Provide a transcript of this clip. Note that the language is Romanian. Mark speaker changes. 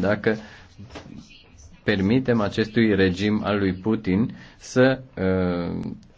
Speaker 1: dacă permitem acestui regim al lui Putin să uh,